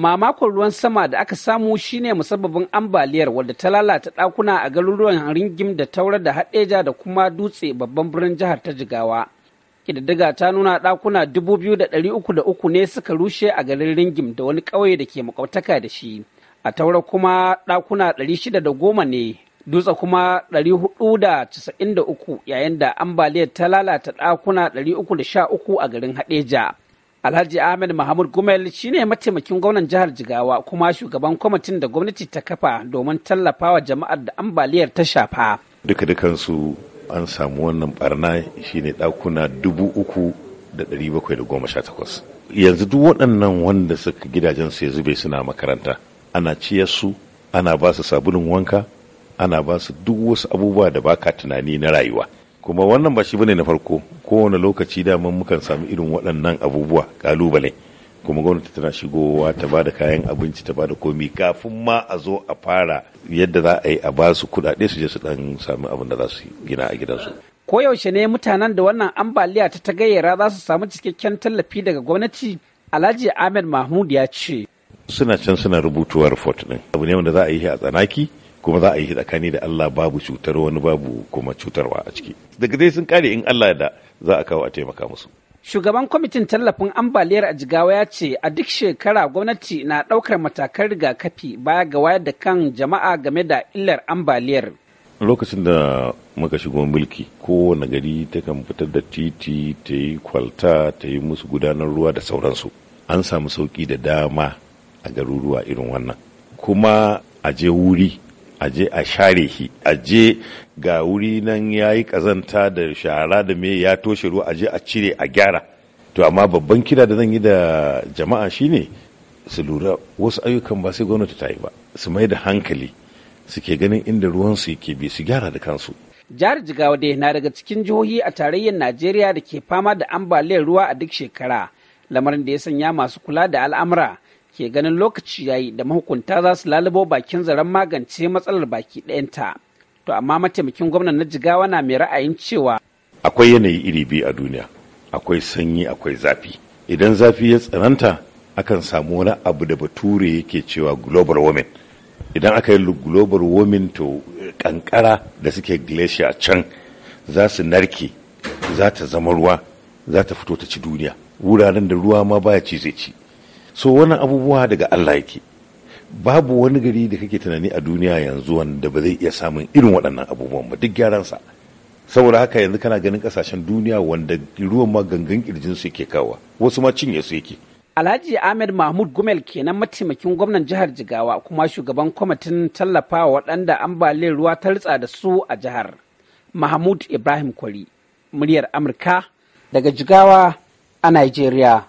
mamakon ruwan sama da aka samu shine musabbabin ambaliyar wadda ta lalata ɗakuna a garuruwan ringim da taura da haɗeja da kuma dutse babban birnin jihar ta jigawa ƙididdiga ta nuna ɗakuna uku ne suka rushe a garin ringim da wani ƙauye da ke makwataka da shi a taura kuma ɗakuna goma ne dutse kuma uku yayin da ambaliyar ta lalata ɗakuna uku a garin haɗeja Alhaji Ahmed Mahmud Gumel shine mataimakin gwamnan jihar Jigawa kuma shugaban kwamitin da gwamnati ta kafa domin tallafawa jama'ar da ambaliyar ta shafa. Duka dukansu an samu wannan barna shine dakuna dubu uku da ɗari bakwai da goma sha takwas. Yanzu duk waɗannan wanda suka gidajen su ya zube suna makaranta ana ciyar su ana ba su sabulun wanka ana ba su duk wasu abubuwa da baka tunani na rayuwa. Kuma wannan ba shi bane na farko kowane lokaci daman mukan sami irin waɗannan abubuwa kalubale kuma gwamnati tana shigowa ta ba da kayan abinci ta ba da komi kafin ma a zo a fara yadda za a yi a ba su kuɗaɗe su je su ɗan sami abin da za su gina a gidansu. Koyaushe ne mutanen da wannan ambaliya ta ta gayyara za su samu cikakken tallafi daga gwamnati Alhaji Ahmed Mahmud ya ce. Suna can suna rubutuwa report ɗin. Abu ne wanda za a yi shi a tsanaki kuma za a yi tsakani da Allah babu cutar wani babu kuma cutarwa a ciki daga dai sun kare in Allah da za a kawo a taimaka musu Shugaban kwamitin tallafin ambaliyar a Jigawa ya ce a duk shekara gwamnati na ɗaukar matakan rigakafi baya ga wayar da kan jama'a game da illar ambaliyar. Lokacin da muka shigo mulki kowane gari takan fitar da titi ta yi kwalta ta yi musu gudanar ruwa da sauransu. An samu sauƙi da dama a garuruwa irin wannan. Kuma a je wuri a a share shi a ga wuri nan ya yi kazanta da shara da me ya toshe ruwa a je a cire a gyara to amma babban kira da zan yi da jama'a shine su lura wasu ayyukan ba sai gwamnati ta yi ba su mai da hankali ke ganin inda ruwansu ke bi su gyara da kansu jihar jigawa da na daga cikin jihohi a tarayyar najeriya da ke fama da ambaliyar ruwa a duk shekara lamarin da ya sanya masu kula da al'amura ke ganin lokaci yayi da mahukunta za su lalubo bakin zaren magance matsalar baki ɗayanta. To amma mataimakin gwamnan na jigawa na mai ra'ayin cewa. Akwai yanayi iri biyu a duniya, akwai sanyi akwai zafi. Idan zafi ya tsananta akan samu wani abu da bature yake cewa global warming. Idan aka yi global warming to eh, kankara da suke glacier can za su narke za ta zama ruwa za ta fito ta ci duniya wuraren da ruwa ma baya ci zai ci so wannan abubuwa daga Allah yake babu wani gari da kake tunani a duniya yanzu wanda ba zai iya samun irin waɗannan abubuwan ba duk gyaransa saboda haka yanzu kana ganin ƙasashen duniya wanda ruwan ma gangan kirjin su yake kawa wasu ma cinye su yake Alhaji Ahmed Mahmud Gumel kenan mataimakin gwamnan jihar Jigawa kuma shugaban kwamitin tallafawa waɗanda ambaliyar ruwa ta ritsa da su a jihar. Mahmud Ibrahim Kwari, muryar Amurka daga Jigawa a Nigeria.